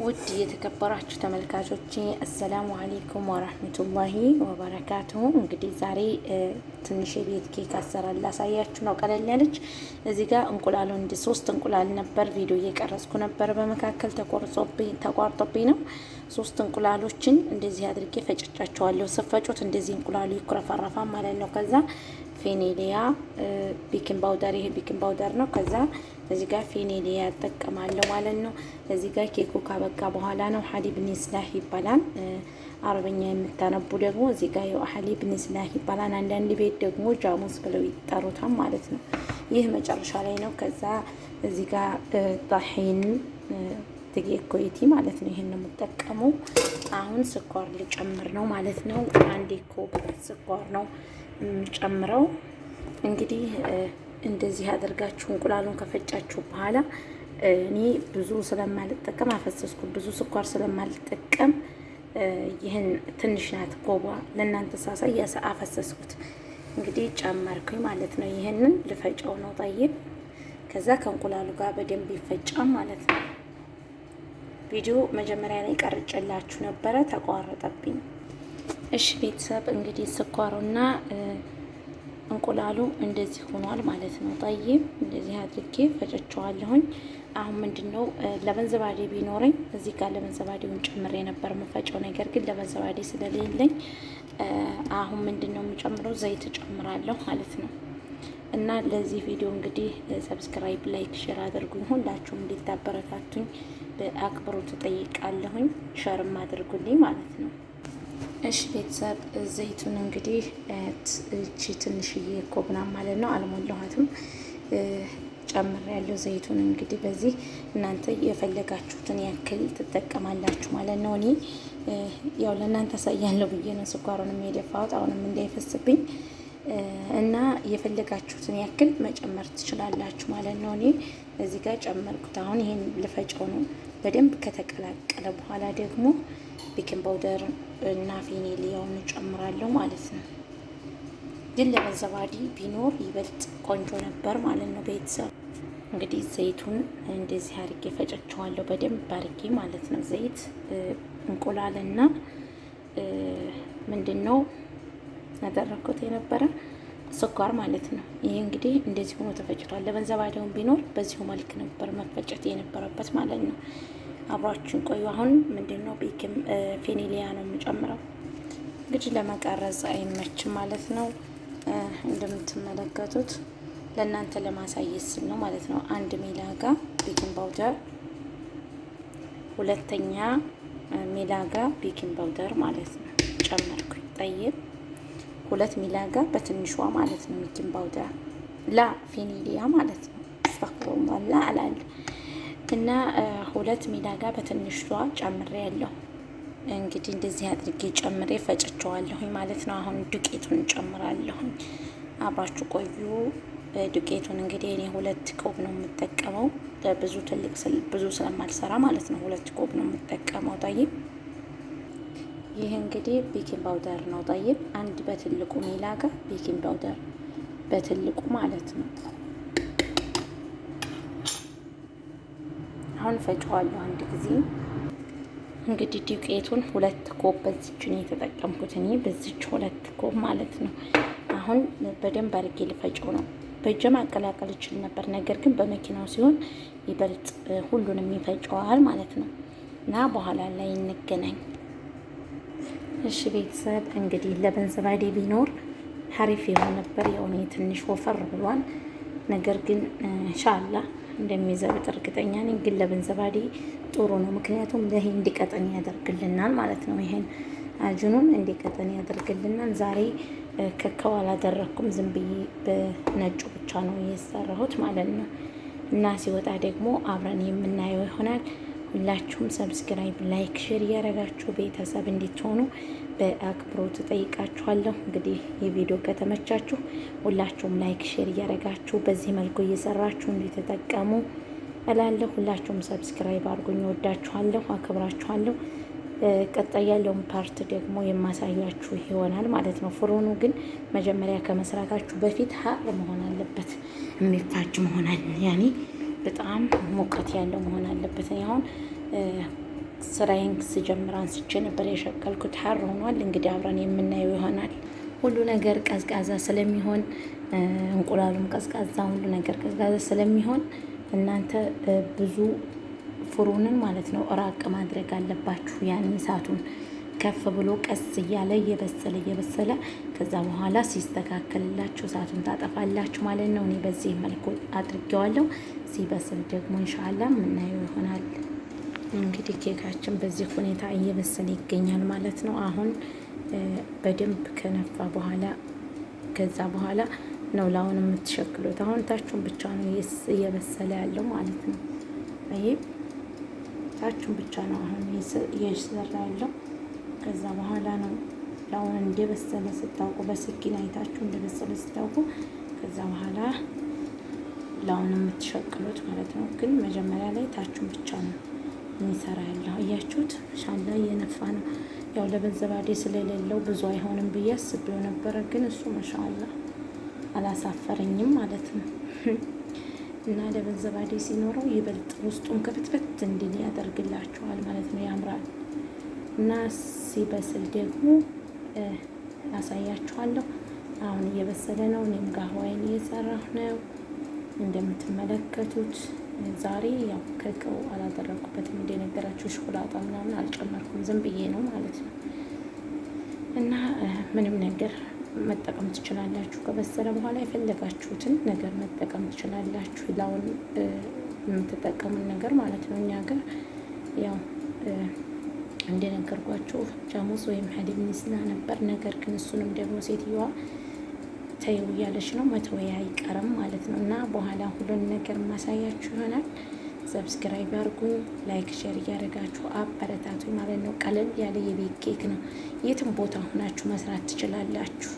ውድ የተከበራችሁ ተመልካቾች አሰላሙ አሌይኩም ወራህመቱላሂ ወበረካቱሁ። እንግዲህ ዛሬ ትንሽ የቤት ኬክ አሰራር ላሳያችሁ ነው። ቀለል ያለች እዚህ ጋር እንቁላሉ እንዲ ሶስት እንቁላል ነበር ቪዲዮ እየቀረጽኩ ነበር። በመካከል ተቋርጦብኝ ነው። ሶስት እንቁላሎችን እንደዚህ አድርጌ ፈጭቻቸዋለሁ። ስፈጩት እንደዚህ እንቁላሉ ይኩረፈረፋ ማለት ነው። ከዛ ፌኔሊያ ቢክን ፓውደር፣ ይሄ ቤኪንግ ፓውደር ነው። ከዛ እዚህ ጋር ፌኔሊያ ያጠቀማለሁ ማለት ነው። እዚህ ጋር ኬኩ ካበቃ በኋላ ነው። ሀሊብ ኒስላህ ይባላል አረበኛ የምታነቡ ደግሞ እዚህ ጋር ያው ሀሊብ ኒስላህ ይባላል። አንዳንድ ቤት ደግሞ ጃሙስ ብለው ይጠሩታል ማለት ነው። ይህ መጨረሻ ላይ ነው። ከዛ እዚህ ጋር ጣሂን ጥቂት ኮይቲ ማለት ነው። ይሄን የምጠቀመው አሁን ስኳር ልጨምር ነው ማለት ነው። አንድ ኮብ ስኳር ነው ጨምረው እንግዲህ እንደዚህ አድርጋችሁ እንቁላሉን ከፈጫችሁ በኋላ እኔ ብዙ ስለማልጠቀም አፈሰስኩ ብዙ ስኳር ስለማልጠቀም ይህን ትንሽ ናት ኮቧ ለእናንተ ሳሳይ አፈሰስኩት። እንግዲህ ጨመርኩኝ ማለት ነው። ይህንን ልፈጫው ነው ጠይብ። ከዛ ከእንቁላሉ ጋር በደንብ ይፈጫም ማለት ነው። ቪዲዮ መጀመሪያ ላይ ቀርጭላችሁ ነበረ፣ ተቋረጠብኝ። እሺ ቤተሰብ እንግዲህ ስኳሩና እንቁላሉ እንደዚህ ሆኗል ማለት ነው። ጠይም እንደዚህ አድርጌ ፈጨቸዋለሁኝ። አሁን ምንድነው ለመንዘባዴ ለበንዘባዴ ቢኖረኝ እዚህ ጋር ለበንዘባዴውን ጨምሬ ነበር የምፈጨው። ነገር ግን ለበንዘባዴ ስለሌለኝ አሁን ምንድነው የምጨምረው ዘይት ጨምራለሁ ማለት ነው። እና ለዚህ ቪዲዮ እንግዲህ ሰብስክራይብ፣ ላይክ፣ ሼር አድርጉኝ። ሁላችሁም እንዲታበረታቱኝ በአክብሮት ጠይቃለሁኝ። ሸርም አድርጉልኝ ማለት ነው። እሺ ቤተሰብ ዘይቱን እንግዲህ እቺ ትንሽዬ ኮብና ማለት ነው አልሞላኋትም ጨምር ያለው ዘይቱን እንግዲህ በዚህ እናንተ የፈለጋችሁትን ያክል ትጠቀማላችሁ ማለት ነው። እኔ ያው ለእናንተ አሳያለሁ ብዬ ነው ስኳሩንም የደፋሁት አሁንም እንዳይፈስብኝ እና የፈለጋችሁትን ያክል መጨመር ትችላላችሁ ማለት ነው። እኔ እዚህ ጋር ጨመርኩት። አሁን ይሄን ልፈጨው ነው። በደንብ ከተቀላቀለ በኋላ ደግሞ ቤኪንግ ፓውደር እና ፌኔል የሆኑ ጨምራለሁ ማለት ነው። ግን ለመዘባዲ ቢኖር ይበልጥ ቆንጆ ነበር ማለት ነው። ቤተሰብ እንግዲህ ዘይቱን እንደዚህ አርጌ ፈጨችዋለሁ በደንብ አርጌ ማለት ነው። ዘይት እንቁላልና ምንድን ነው ነው ያደረኩት የነበረ ስኳር ማለት ነው። ይህ እንግዲህ እንደዚህ ሆኖ ተፈጭቷል። ለበንዘባዴውን ቢኖር በዚሁ መልክ ነበር መፈጨት የነበረበት ማለት ነው። አብሯችን ቆዩ። አሁን ምንድን ነው ቤኪንግ ፌኔሊያ ነው የምጨምረው። እንግዲህ ለመቀረጽ አይመችም ማለት ነው። እንደምትመለከቱት ለእናንተ ለማሳየት ስል ነው ማለት ነው። አንድ ሜላጋ ቤኪንግ ፓውደር፣ ሁለተኛ ሜላጋ ቤኪንግ ፓውደር ማለት ነው ጨመርኩኝ። ጠይብ ሁለት ሚሊዮን ጋር በትንሿ ማለት ነው ሚኪን ባውደር ላ ፌኒሊያ ማለት ነው አስተክሮላ አላል እና ሁለት ሚሊዮን ጋር በትንሿ ጨምሬ ያለሁ እንግዲህ እንደዚህ አድርጌ ጨምሬ ፈጭቸዋለሁኝ ማለት ነው። አሁን ዱቄቱን ጨምራለሁኝ። አብራችሁ ቆዩ። ዱቄቱን እንግዲህ እኔ ሁለት ቆብ ነው የምጠቀመው ብዙ ትልቅ ብዙ ስለማልሰራ ማለት ነው። ሁለት ቆብ ነው የምጠቀመው ታይም ይህ እንግዲህ ቤኪንግ ፓውደር ነው። ጠይብ አንድ በትልቁ ሚላጋ ቤኪንግ ፓውደር በትልቁ ማለት ነው። አሁን ፈጨዋለሁ አንድ ጊዜ። እንግዲህ ዱቄቱን ሁለት ኮብ በዚች የተጠቀምኩት እኔ በዚች ሁለት ኮብ ማለት ነው። አሁን በደንብ አድርጌ ልፈጨው ነው። በእጄ ማቀላቀል ይችል ነበር፣ ነገር ግን በመኪናው ሲሆን ይበልጥ ሁሉንም ይፈጨዋል ማለት ነው እና በኋላ ላይ እንገናኝ። እሺ ቤተሰብ እንግዲህ ለበንዘባዴ ቢኖር ሀሪፍ ይሆን ነበር። የሆነ ትንሽ ወፈር ብሏል። ነገር ግን ሻላ እንደሚዘብጥ እርግጠኛ ነኝ። ግን ለበንዘባዴ ጥሩ ነው፣ ምክንያቱም ለይሄ እንዲቀጠን ያደርግልናል ማለት ነው። ይሄን አጅኑን እንዲቀጠን ያደርግልናል። ዛሬ ከከው አላደረኩም፣ ዝም ብዬ በነጩ ብቻ ነው የሰራሁት ማለት ነው። እና ሲወጣ ደግሞ አብረን የምናየው ይሆናል። ሁላችሁም ሰብስክራይብ፣ ላይክ፣ ሼር እያደረጋችሁ ቤተሰብ እንድትሆኑ በአክብሮት ጠይቃችኋለሁ። እንግዲህ ይህ ቪዲዮ ከተመቻችሁ ሁላችሁም ላይክ፣ ሼር እያደረጋችሁ በዚህ መልኩ እየሰራችሁ እንዲተጠቀሙ እላለሁ። ሁላችሁም ሰብስክራይብ አድርጉኝ። ወዳችኋለሁ፣ አክብራችኋለሁ። ቀጣይ ያለውን ፓርት ደግሞ የማሳያችሁ ይሆናል ማለት ነው። ፍሮኑ ግን መጀመሪያ ከመስራታችሁ በፊት ሀር መሆን አለበት፣ የሚፋጅ መሆን ያኔ በጣም ሙቀት ያለው መሆን አለበት። አሁን ስራዬን ስጀምር አንስቼ ነበር የሸቀልኩት። ሀር ሆኗል። እንግዲህ አብረን የምናየው ይሆናል። ሁሉ ነገር ቀዝቃዛ ስለሚሆን እንቁላሉም ቀዝቃዛ፣ ሁሉ ነገር ቀዝቃዛ ስለሚሆን እናንተ ብዙ ፍሩንን ማለት ነው ራቅ ማድረግ አለባችሁ። ያን እሳቱን ከፍ ብሎ ቀስ እያለ እየበሰለ እየበሰለ ከዛ በኋላ ሲስተካከልላችሁ እሳቱን ታጠፋላችሁ ማለት ነው። እኔ በዚህ መልኩ አድርጌዋለሁ። ሲበስል ደግሞ እንሻላ የምናየው ይሆናል። እንግዲህ ኬካችን በዚህ ሁኔታ እየበሰለ ይገኛል ማለት ነው። አሁን በደንብ ከነፋ በኋላ ከዛ በኋላ ነው ለአሁን የምትሸክሉት። አሁን ታችሁን ብቻ ነው እየበሰለ ያለው ማለት ነው። ይህ ታችሁን ብቻ ነው አሁን እየሰራ ያለው። ከዛ በኋላ ነው ለአሁን እንደበሰለ ስታውቁ፣ በስኪን አይታችሁ እንደበሰለ ስታውቁ፣ ከዛ በኋላ ለአሁን የምትሸክሉት ማለት ነው። ግን መጀመሪያ ላይ ታችሁን ብቻ ነው እንሰራ ያለሁ እያችሁት ሻላ እየነፋ ነው። ያው ለበንዘባዴ ስለሌለው ብዙ አይሆንም ብዬ አስቤው ነበረ፣ ግን እሱ መሻላ አላሳፈረኝም ማለት ነው። እና ለበንዘባዴ ሲኖረው ይበልጥ ውስጡን ክፍትፍት እንዲል ያደርግላችኋል ማለት ነው። ያምራል። እና ሲበስል ደግሞ አሳያችኋለሁ። አሁን እየበሰለ ነው። እኔም ጋህዋይን እየሰራሁ ነው እንደምትመለከቱት ዛሬ ያው ከቀው እንደ ነገራችሁ ሾኮላጣ ምናምን አልጨመርኩም፣ ዝም ብዬ ነው ማለት ነው። እና ምንም ነገር መጠቀም ትችላላችሁ። ከበሰለ በኋላ የፈለጋችሁትን ነገር መጠቀም ትችላላችሁ። ላውን የምትጠቀሙን ነገር ማለት ነው። እኛ ሀገር ያው እንደነገርኳችሁ ጃሙስ ወይም ሀዲድ ሚስላ ነበር። ነገር ግን እሱንም ደግሞ ሴትዮዋ ተይው እያለች ነው። መተወያ አይቀርም ማለት ነው እና በኋላ ሁሉን ነገር ማሳያችሁ ይሆናል። ሰብስክራይብ አድርጉኝ፣ ላይክ፣ ሼር እያደረጋችሁ አበረታቱ ማለት ነው። ቀለል ያለ የቤት ኬክ ነው። የትም ቦታ ሁናችሁ መስራት ትችላላችሁ።